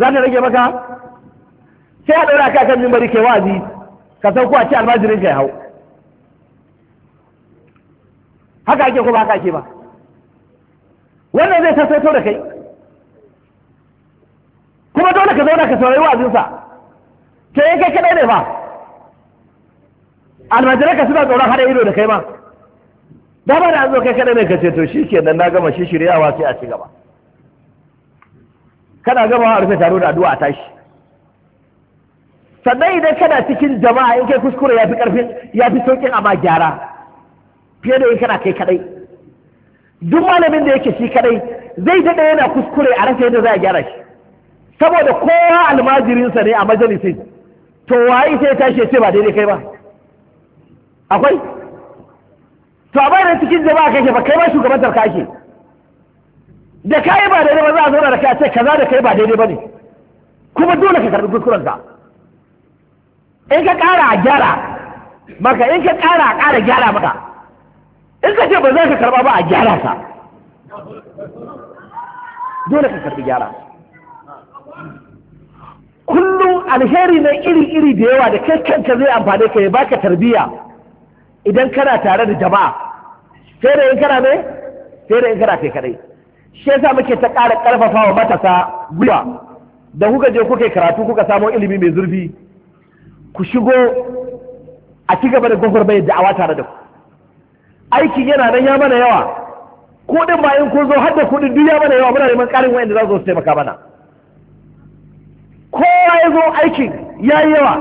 za ta rage maka sai a ɗaura ka kan mimbari kai wazi ka sauko a ci almajirin ka ya hau haka ake kuma haka ake ba wannan zai sassaito da kai kuma dole ka zauna ka saurari wa'azinsa ke kai kaɗai ne ba ka suna tsoron hada ido da kai ma da ba da an zo kai kaɗai ne ka ce to shi ke nan na gama shi shiryawa sai a ci gaba kana gama a rufe taro da addu'a a tashi sannan idan kana cikin jama'a in kai kuskure ya fi ƙarfin ya fi sauƙin amma gyara fiye da in kana kai kaɗai duk malamin da yake shi kaɗai zai daɗa yana kuskure a rasa yadda za a gyara shi saboda kowa almajirinsa ne a majalisin to waye sai ya tashi ya ce ba daidai kai ba akwai to a bayan cikin da ba kai ba kai ba shugaban tarka ake da kai ba daidai ba za a zauna da kai a ce kaza da kai ba daidai ba ne kuma dole ka karɓi kuskuren ka in ka kara a gyara maka in ka kara a kara gyara maka in ka ce ba za ka karɓa ba a gyara ka dole ka karɓi gyara kullum alheri na iri-iri da yawa da kai kanka zai amfani ka ya baka tarbiyya idan kana tare da jama'a sai da in kana ne sai da in kana kai kadai shi yasa muke ta ƙara ƙarfafa wa matasa gwiwa da kuka je kuka karatu kuka samo ilimi mai zurfi ku shigo a ci gaba da bai da'awa tare da ku aikin yana nan ya mana yawa ko din bayan kun zo har da kuɗin duk ya mana yawa muna neman ƙarin wayanda za su taimaka mana kowa ya zo aikin ya yi yawa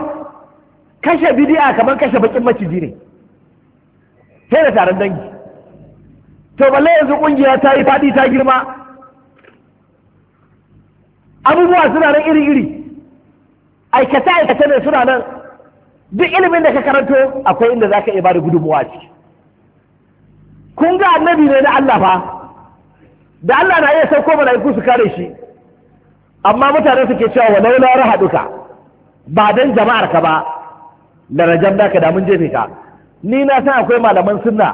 kashe bidiya kamar kashe bakin maciji ne sai da taron dangi to balle yanzu kungiya ta yi faɗi ta girma abubuwa suna nan iri-iri aikata-aikata ne suna nan duk ilimin da ka karanto akwai inda za ka iya bada gudunmuwa ce kun ga annabi ne na Allah fa da Allah na iya sauko mala'iku su kare shi amma mutane suke cewa wa laula rahaduka ba dan jama'ar ka ba da rajan da ka da mun jefe ka ni na san akwai malaman sunna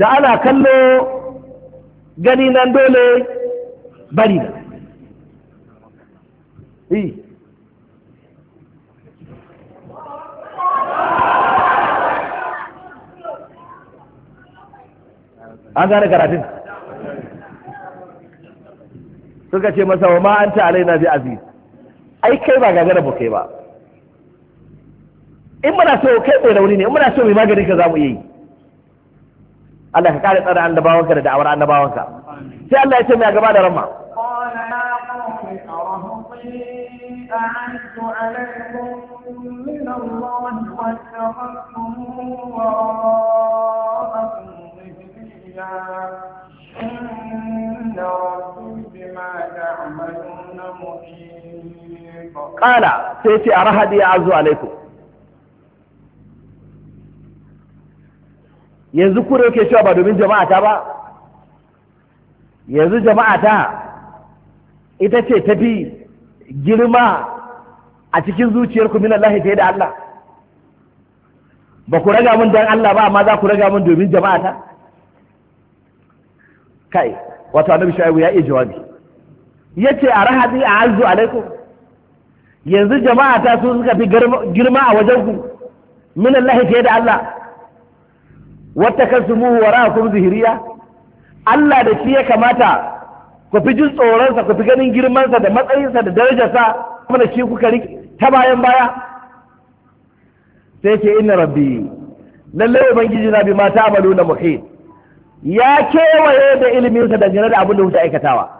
da ana kallo gani nan dole bari na an gane karatun suka ce masa wa ma alai na bi aziz ai kai ba gagara ba kai ba in muna so kai bai rauni ne in muna so mai magani ka zamu yi Allah ka kare tsara annabawanka da da'awar annabawanka sai Allah ya ce mai gaba da ramma أعز عليكم من الله واتخذتم وراءكم إن sai ce a rahadi ya azu alaiku. yanzu ku yake cewa ba domin jama'a ta ba yanzu jama'a ta ita ce tafi girma a cikin zuciyarku min Allah ta da Allah ba ku raga mun don Allah ba amma za ku raga mun domin jama'a ta kai wato annabi shayi ya iya jawabi ya ce a rahadi a arzu alaikum yanzu jama'a ta su suka fi girma a wajenku min Allah fiye da Allah wata kansu muhu wa ra'akum zihiriya Allah da shi ya kamata ku fi jin tsoronsa ku fi ganin girmansa da matsayinsa da darajarsa kuma da shi kuka riƙe ta bayan baya sai ke inna rabbi lallai ubangiji na bi mata amalu na muhit ya kewaye da iliminsa dangane da abin da kuka aikatawa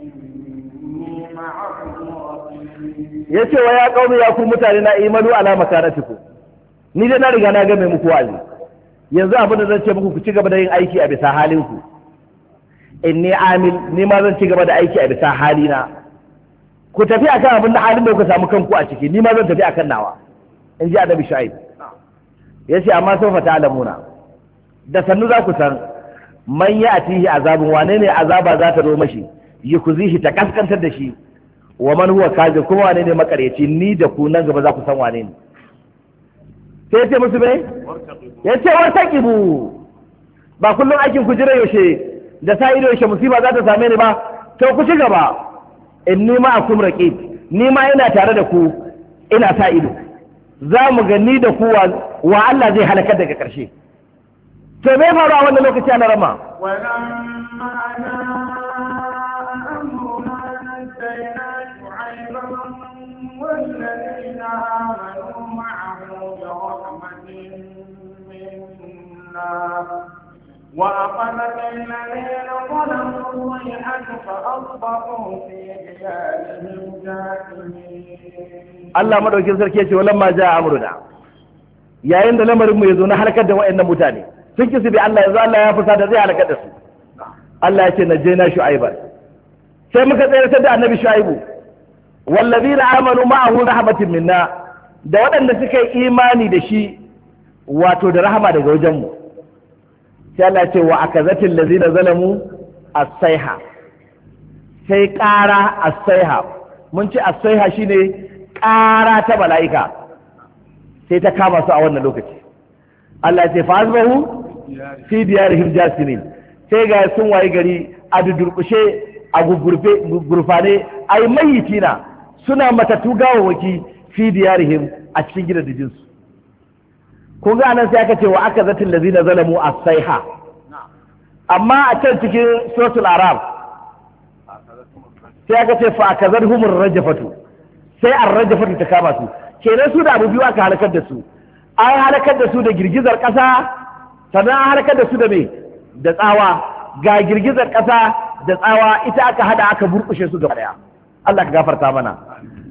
ya ce wa ya kawo ya ku mutane na imanu ala ku ni dai na riga na ga mai muku wa'azi yanzu abin da zan ce muku ku ci gaba da yin aiki a bisa halinku in ni amil ni ma zan ci gaba da aiki a bisa halina ku tafi akan abin da halin da kuka samu kanku a ciki ni ma zan tafi akan nawa in ji annabi shu'aib ya ce amma sau fata alamuna da sannu za ku san man ya atihi azabun wane ne azaba za ta zo mashi yi ku zihi ta kaskantar da shi wa man huwa kazib kuma wane ne makareci ni da ku nan gaba za ku san wane ne sai ce musu bai ya ce kibu. ba kullum aikin ku jira yaushe da sa ido yaushe musiba za ta same ni ba to ku ci gaba inni akum raqib ni ma ina tare da ku ina sa ido za mu ga ni da ku wa Allah zai halakar daga karshe to me faru a wannan lokaci a rama آمنوا معه برحمة منا وأخذت الذين ظلموا الصيحة فأصبحوا في ديارهم جاثمين yayin da lamarinmu ya zo na halakar da mutane sun kisi da Allah yanzu Allah ya fusa da zai halakar da su Allah ya ce na je na shu'aibar sai muka tsayar da annabi shu'aibu wallazina amanu ma'ahu rahmatin minna da waɗanda suka yi imani da shi wato da rahama daga wajenmu sai Allah ce wa akazatil lazina zalamu as-saiha sai ƙara as-saiha mun ce as-saiha shine ƙara ta mala'ika sai ta kama su a wannan lokaci Allah ce fa azbahu fi diyarihim jasimin sai ga sun waye gari a dudurkushe a gurfane ai mayitina suna matatu gawawaki fi diyarihim a cikin gidajen su kun ga nan sai aka ce wa aka zatin zina zalamu sai saiha amma a can cikin suratul arab sai aka ce fa akazarhum raja rajafatu sai ar-rajafatu ta kama su kenan su da abu biyu aka halakar da su an halakar da su da girgizar kasa sannan an halakar da su da me da tsawa ga girgizar kasa da tsawa ita aka hada aka burkushe su gaba daya Allah ka gafarta mana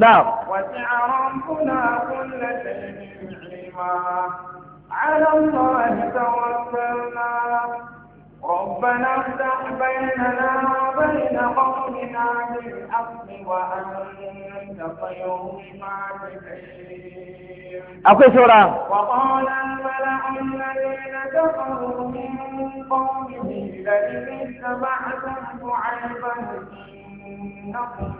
نعم وسع ربنا كل شيء علما على الله توكلنا ربنا افتح بيننا وبين قومنا بالحق وأنت خير المعتدين. أقول سورة. وقال الملأ الذين كفروا من قومه لئن اتبعتم شعيبا إنكم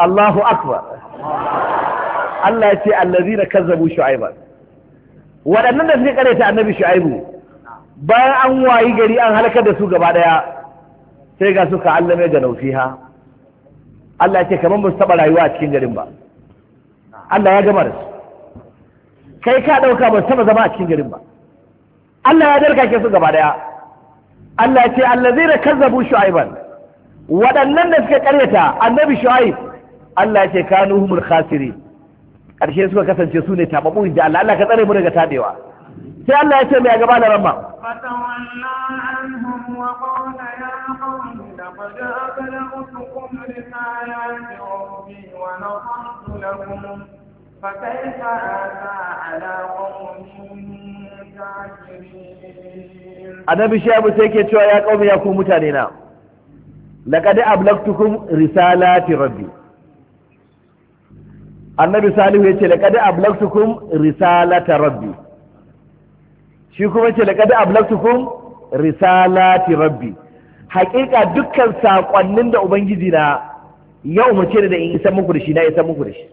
Allahu akbar Allah ya ce allazina kazzabu shu'aiba waɗannan da suke karanta annabi shu'aibu bayan an wayi gari an halakar da su gaba ɗaya sai ga suka allame ga naufiha Allah ya ce kamar ba su taɓa rayuwa a cikin garin ba Allah ya gama da su kai ka ɗauka ba su taɓa zama a cikin garin ba Allah ya ke su gaba ɗaya, Allah ya ce allazina kazzabu shu'aiban waɗannan da suka karyata annabi Shu'aibu. Allah ya ce kanu humul khasiri ƙarshe suka kasance su ne tababu inda Allah Allah ka tsare mu daga tabewa sai Allah ya ce mai gaba da ramma Annabi shi abu sai ke cewa ya kaumi ya ku mutane na. Laƙadi ablaktukum risala rabbi. rabbi. annabi salihu ya ce laqad ablagtukum risalata rabbi shi kuma ce laqad ablagtukum risalati rabbi Hakika dukkan saƙonnin da ubangiji na ya umarce ce da in isa muku da shi na isa muku da shi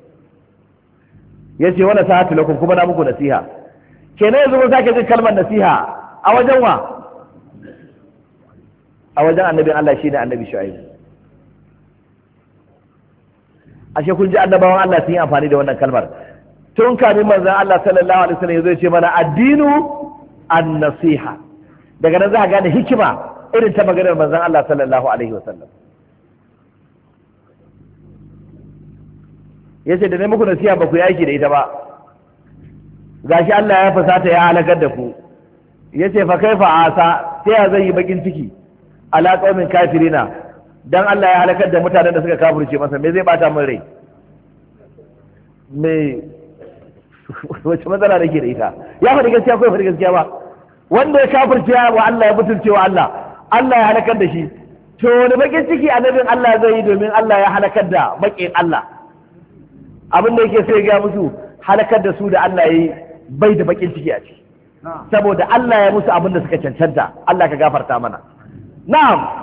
yace wala sa'atu lakum kuma na muku nasiha kenan yanzu mun sake jin kalmar nasiha a wajen wa a wajen annabin Allah shi ne annabi shu'aib ashe kun ji annabawan Allah sun yi amfani da wannan kalmar tun kamin manzon Allah sallallahu alaihi wasallam zai ce mana addinu an-nasiha daga nan za a gane hikima irin ta maganar manzon Allah sallallahu alaihi wasallam yace da ne muku nasiha ba ku yi aiki da ita ba gashi Allah ya fasata ya halakar da ku yace fa kaifa asa sai ya zai yi bakin ciki ala qaumin kafirina dan Allah ya halakar da mutanen da suka kafirce masa me zai bata min rai me <laughs> wace matsala nake da ita ya fadi gaskiya ko ya faɗi gaskiya ba wanda ya kafirce wa Allah ya mutunce wa Allah Allah ya halakar da shi to wani bakin ciki annabin Allah zai yi domin Allah ya halakar da bakin Allah abin da yake sai ga musu halakar da su da Allah ya yi bai da bakin ciki a ciki saboda Allah ya musu abin da suka cancanta Allah ka gafarta mana na'am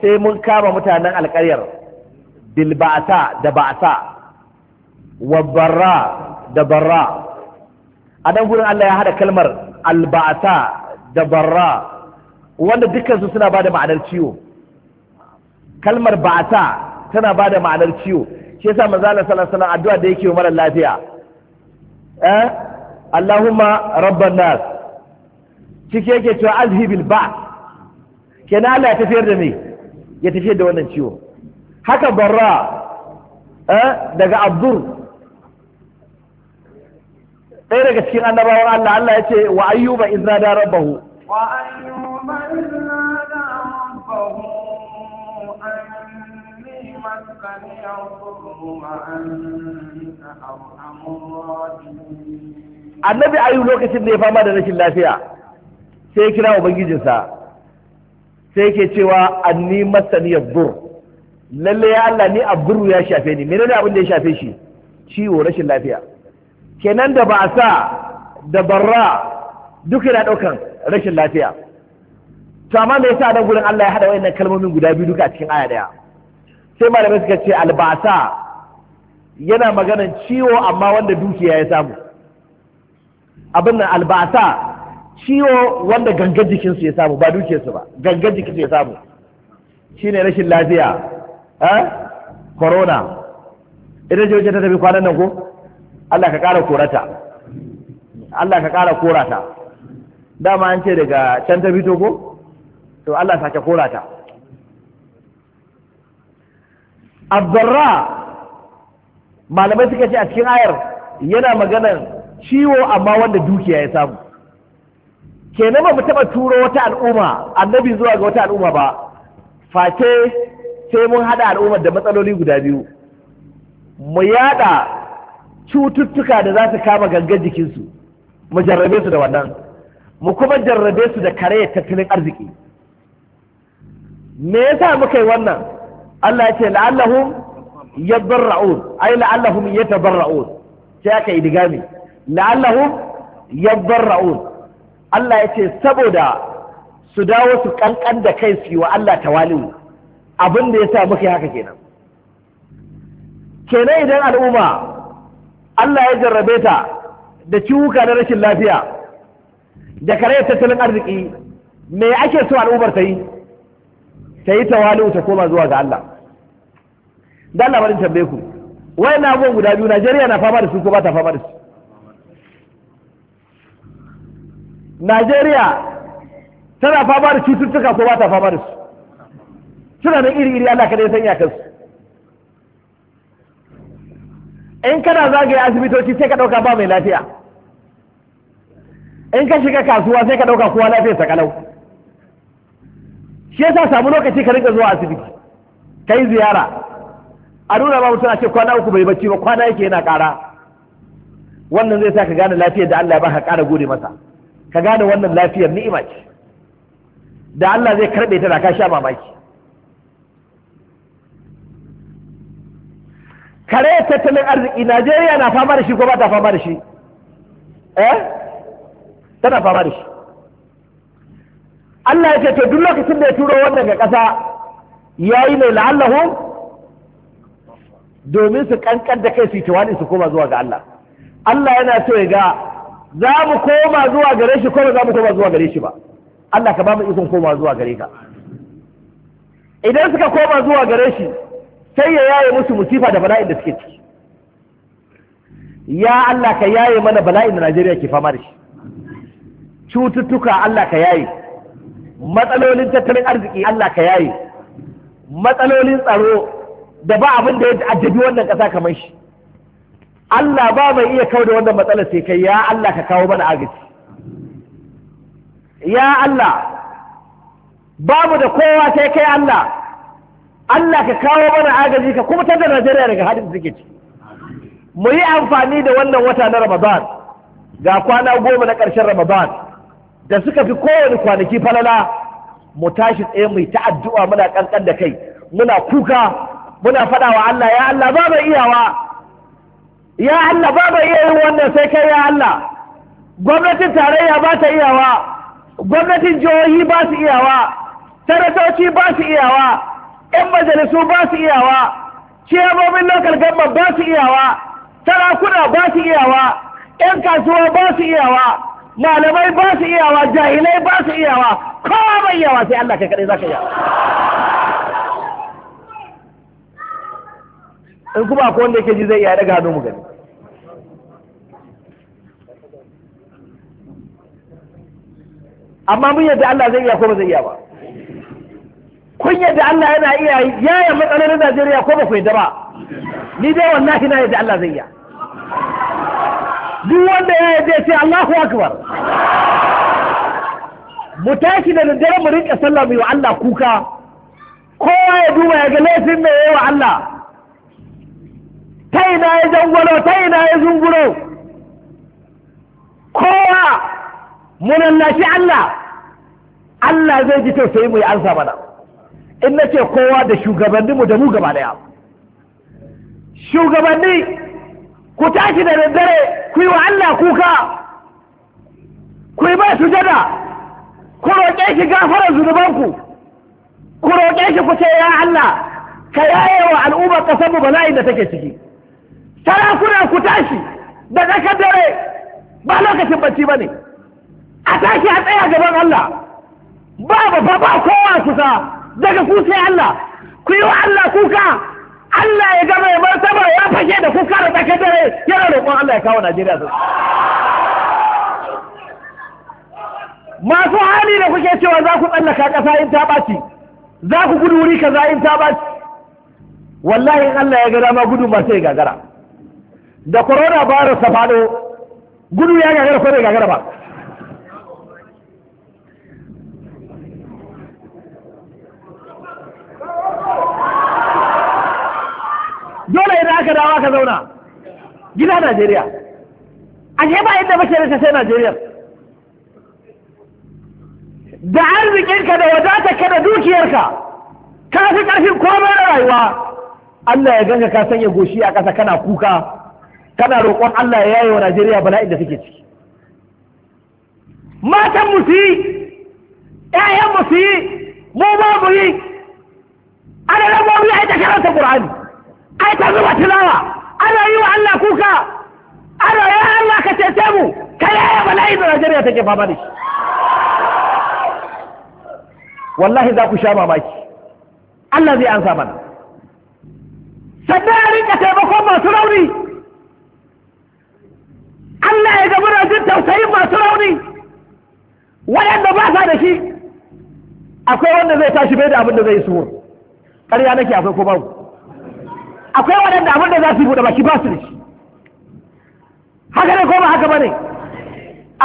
sai mun kama mutanen alƙaryar bilba'ata da ba'ata wa barra da barra a nan gurin Allah ya haɗa kalmar alba'ata da barra wanda dukansu suna ba da ma'anar ciwo kalmar ba'ata tana ba da ma'anar ciwo shi yasa manzo Allah sallallahu alaihi wasallam addu'a da yake wa mara lafiya eh Allahumma rabban nas cike yake cewa azhibil ba' kenan Allah ya tafiyar da ni ya tafi da wannan ciwo haka barra eh, daga abdur ɗaya daga cikin annabawan Allah Allah ya ce wa ayyuba izna da rabbahu wa ayyuba izna da rabbahu anni maskani yadurru wa anta arhamur rahimin annabi ayyub lokacin da ya fama da rashin lafiya sai ya kira ubangijinsa sai yake cewa ni masani bur lalle ya Allah ni abdur ya shafe ni menene abin da ya shafe shi ciwo rashin lafiya kenan da ba sa da barra duk yana daukan rashin lafiya to amma me yasa dan gurin Allah ya hada wayannan kalmomin guda biyu duka a cikin aya daya sai malamai suka ce albasa yana maganan ciwo amma wanda dukiya ya samu abin nan albasa ciwo wanda gangan jikinsu ya samu ba dukiyarsu ba gangan jikinsu ya samu Shi ne rashin lafiya eh corona ita ce ta tafi kwanan nan ko Allah ka ƙara korata Allah ka kara korata dama an ce daga can ta fito ko to Allah sake korata abdurra malamai suka ce a cikin ayar yana maganar ciwo amma wanda dukiya ya samu kenan ba mu taɓa turo wata al'umma annabi zuwa ga wata al'umma ba face sai mun haɗa al'ummar da matsaloli guda biyu mu yaɗa cututtuka da za su kama gangan jikinsu mu jarrabe su da wannan mu kuma jarrabe su da kare tattalin arziki me yasa muka yi wannan Allah ya ce la'allahum yadarra'un ay la'allahum yatabarra'un sai aka idigami la'allahum yadarra'un Allah ya ce saboda su dawo su kankan da kai su yi wa Allah tawali'u abin da ya sa muke haka kenan kenan idan al'umma Allah ya jarrabe ta da ciwuka na rashin lafiya da karayar tattalin arziki me ake so al'ummar ta yi ta yi tawali'u ta koma zuwa ga Allah dan labarin tambaye ku wayannan abubuwan guda biyu Najeriya na fama da su ko ba ta fama da su Najeriya tana fama da cututtuka ko ba ta fama da su suna nan iri iri Allah kadai sanya kansu in kana zagaye asibitoci sai ka ɗauka ba mai lafiya in ka shiga kasuwa sai ka ɗauka kowa lafiya sa kalau shi yasa samu lokaci ka rinka zuwa asibiti kai ziyara a nuna ba mu ce kwana uku bai bacci ba kwana yake yana ƙara wannan zai sa ka gane lafiyar da Allah ya baka ƙara gode masa ka gane wannan lafiyar ni'ima ce da Allah zai karbe ta da ka sha mamaki kare tattalin arziki Najeriya na fama da shi ko ba ta fama da shi eh tana fama da shi Allah ya ce to duk lokacin da ya turo wannan ga ƙasa yayi ne la'allahu domin su kankan da kai su yi tawali su koma zuwa ga Allah Allah yana so ya ga za mu koma zuwa gare shi ko ba za mu koma zuwa gare shi ba Allah ka ba mu ikon koma zuwa gare ka idan suka koma zuwa gare shi sai ya yaye musu musifa da bala'in da suke ciki ya Allah ka yaye mana bala'in da Najeriya ke fama da shi cututtuka Allah ka yaye matsalolin tattalin arziki Allah ka yaye matsalolin tsaro da ba abin da ya ajabi wannan ƙasa kamar shi Allah ba mai iya kawo da wannan matsalar sai kai ya Allah ka kawo mana agaji ya Allah babu da kowa sai kai Allah Allah ka kawo mana agaji ka kuma da Najeriya daga hadin suke ci mu yi amfani da wannan wata na Ramadan ga kwana goma na ƙarshen Ramadan da suka fi kowane kwanaki falala mu tashi tsaye mu yi ta'addu'a muna kankan da kai muna kuka muna faɗawa Allah ya Allah ba mai iyawa ya Allah ba ba iya yin wannan sai kai ya Allah gwamnatin tarayya ba ta iyawa gwamnatin jihohi ba su iyawa sanatoci ba su iyawa yan majalisu ba su iyawa ciyamomin lokal government ba su iyawa sarakuna ba su iyawa yan kasuwa ba su iyawa malamai ba su iyawa jahilai ba su iyawa kowa bai yawa sai Allah kai kaɗai za ka iya. in kuma ko wanda yake ji zai iya daga hannu mu gani amma mun yadda Allah zai iya ko ba zai iya ba kun yadda Allah yana iya yaya matsalar Najeriya ko ba ku yadda ba ni dai wallahi na yadda Allah zai iya duk wanda ya yadda ce Allahu akbar mu tashi da daddare mu rinka sallah mu yi wa Allah kuka kowa ya duba ya ga laifin mai yawa Allah ta ina ya jangwalo ta ina ya zunguro kowa munallashi Allah Allah zai ji tausayi mu ya ansa mana in ce kowa da shugabanninmu da mu gaba daya shugabanni ku tashi da daddare ku yi wa Allah kuka ku yi ba jada ku roƙe shi gafarar zunubanku ku roƙe shi ku ce ya Allah ka yaye wa al'ummar ƙasarmu bala'in da take ciki sarakuna ku tashi da tsakar dare ba lokacin bacci ba ne a tashi a tsaya gaban Allah ba ba ba kowa kusa daga ku sai Allah ku yi wa Allah kuka Allah ya gama ya martaba ya fashe da kuka da tsakar dare yana roƙon Allah ya kawo Najeriya su. Masu hali da kuke cewa za ku tsallaka ƙasa in ta ɓaci, za ku gudu wuri kaza in ta ɓaci. Wallahi in Allah ya ga dama gudu ba sai gagara. da korona virus ta faɗo gudu ya gagara ko bai gagara ba dole idan aka dawa ka zauna gida Najeriya ke ba inda da sai Najeriya da arzikinka da wadatarka da dukiyarka ka fi ƙarfin komai rayuwa Allah ya ganga ka sanya goshi a ƙasa kana kuka kana roƙon Allah ya yi wa Najeriya bala'in da suke ciki matan mu su yi ƴaƴan mu su yi mu ba mu yi ana rabobi ai ta karanta Qur'ani ai ta zuba tilawa ana yi wa Allah kuka ana ya Allah ka cece mu ka yaye bala'in da Najeriya take fama da shi wallahi za ku sha mamaki Allah zai ansa mana sannan a rinka taimakon masu rauni Allah ya ga muna jin tausayin masu rauni waɗanda ba sa da shi akwai wanda zai tashi bai da abin da zai suwa ƙarya nake akwai ko babu akwai waɗanda abin da za su buɗe baki ba su da shi haka ne ko ba haka ba ne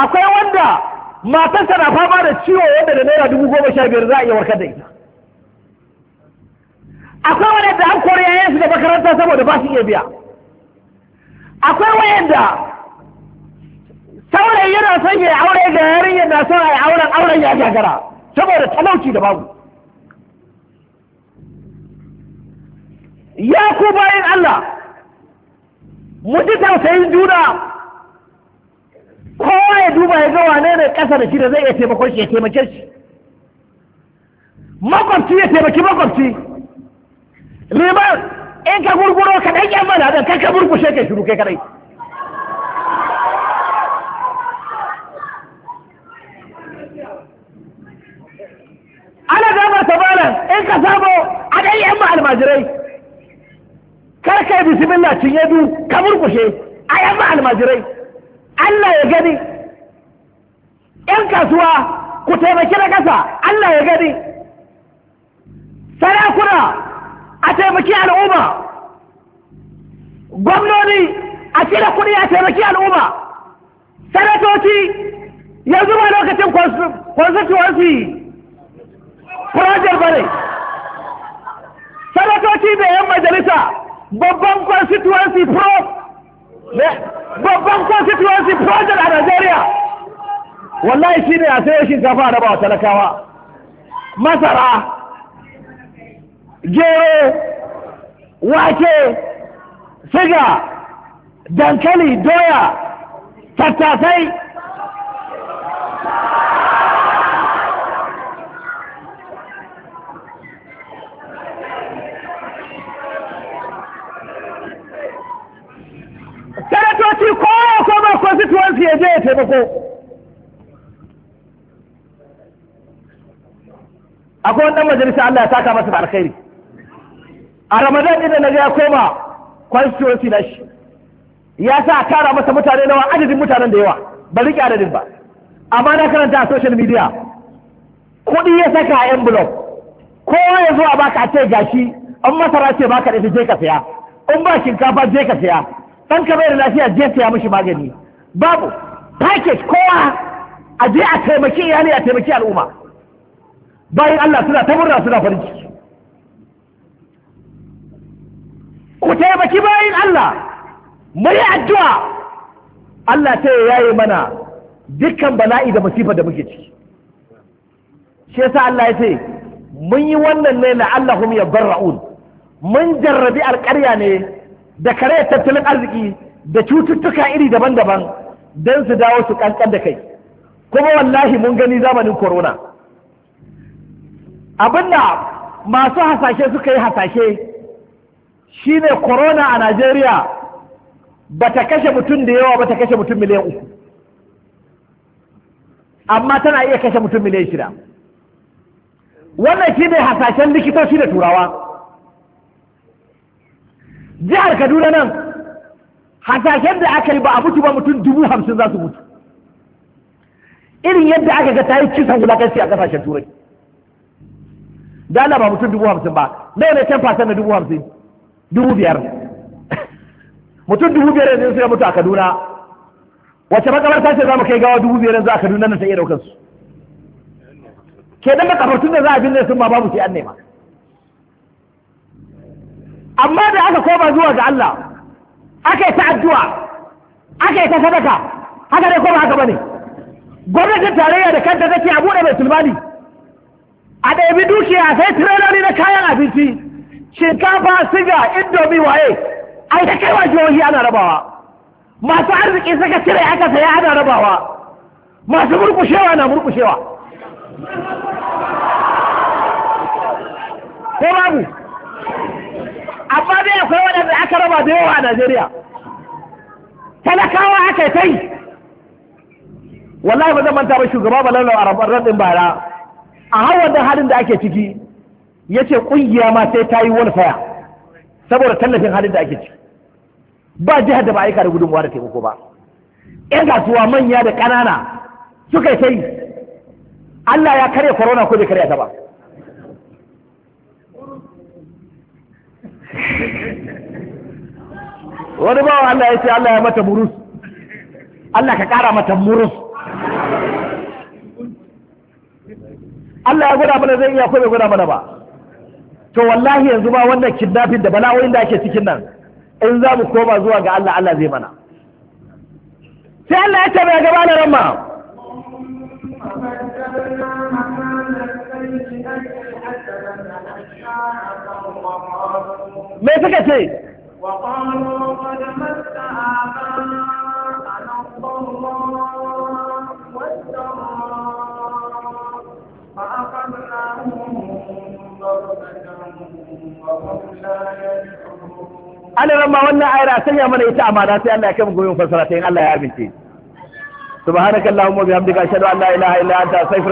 akwai wanda matarsa na fama da ciwo wanda da naira dubu goma sha biyar za a iya warkar da ita akwai waɗanda an kori yayan su da makaranta saboda ba su iya biya akwai wayanda saurayi yana son ya aure da yarinyar na son a yi auren auren ya gagara saboda talauci da babu ya ku bayan Allah mu ji tausayin juna kowa ya duba ya ga wane ne ƙasa da shi da zai iya taimakon shi ya taimake shi makwabci ya taimaki makwabci liman in ka gurguro ka ɗan yan mana don kan ka burkushe ka shiru kai kadai almajirai kar kai na cin yadu ka murkushe a yamma almajirai Allah ya gani ‘yan kasuwa ku taimaki na ƙasa Allah ya gani sarakuna a taimaki al'umma gwamnoni a cire kuɗi a taimaki al'umma sanatoci yanzu zuba lokacin constituency project bane sanatoci da yan majalisa babban constituency pro babban constituency project a Najeriya wallahi ne a sai shinkafa da ba talakawa masara gero wake siga dankali doya tattasai shi ko ko ba constituency ya je ya taimako akwai wani dan majalisa Allah ya taka masa da alkhairi a Ramadan din na ya koma constituency na shi ya sa tara masa mutane nawa adadin mutanen da yawa ba rike adadin ba amma na karanta a social media kuɗi ya saka a envelope ko ya zo a baka a ce gashi in masara ce baka da je ka saya in ba shinkafa je ka saya ɗan ka bayar da lafiya je ya mishi magani babu package kowa a je a taimaki iyali a taimaki al'umma bayan Allah suna ta murna suna farin ciki ku taimaki bayan Allah mu yi addu'a Allah ta yaye mana dukkan bala'i da masifa da muke ciki shi yasa Allah ya ce mun yi wannan ne la'allahum yabarra'un mun jarrabi alƙarya ne da kare tattalin arziki da cututtuka iri daban-daban don su dawo su kankan da kai kuma wallahi mun gani zamanin corona abinda masu hasashe suka yi hasashe shine korona a najeriya ba ta kashe mutum da yawa ba ta kashe mutum miliyan uku amma tana iya kashe mutum miliyan shida wannan shi ne hasashen likitoci da turawa jihar kaduna nan hasashen da aka yi ba a mutu ba mutum dubu hamsin za su mutu irin yadda aka ga ta yi kisan wulakanci a kasashen turai dala ba mutum dubu hamsin ba na yana can fasan na dubu hamsin dubu biyar <laughs> mutum dubu biyar yanzu suka mutu a kaduna wace ta ce za mu kai gawa dubu biyar yanzu a kaduna nan ta iya daukansu ke da kafartun da za a binne sun ma babu sai an nema amma da aka koma zuwa ga Allah aka yi ta addu'a aka yi ta sadaka haka dai koma haka bane gwamnatin tarayya da kanta take a buɗe mai sulmani a ɗabi dukiya sai tireloli na kayan abinci shinkafa siga indomi waye ai ta wa jihohi ana rabawa masu arziki suka cire aka saya ana rabawa masu murkushewa na murkushewa ko babu amma dai akwai waɗanda aka raba da yawa a Najeriya talakawa aka tai wallahi ba zan manta ba shugaba balalau a rabar radin bara a har wanda halin da ake ciki ya ce ƙungiya ma sai ta yi walfaya saboda tallafin halin da ake ciki ba jihar da ba aika da gudunmuwa da taimako ba yan kasuwa manya da ƙanana suka yi Allah ya karya corona ko bai karya ta ba wani bawa Allah ya ce Allah ya mata murus Allah ka kara mata murus Allah ya gwada mana zai iya ko bai gwada mana ba to wallahi yanzu ba wannan kidnafin da bala'o'in da ake cikin nan in za mu koma zuwa ga Allah Allah zai mana sai Allah ya bai gaba da ramma me suka ce wa قد مس آباءنا الضراء والسراء ma wannan ayar a sanya mana ita amana sai Allah ya kai mu goyon fasara sai Allah ya amince subhanakallahumma bihamdika ashhadu an la ilaha illa anta astaghfiruka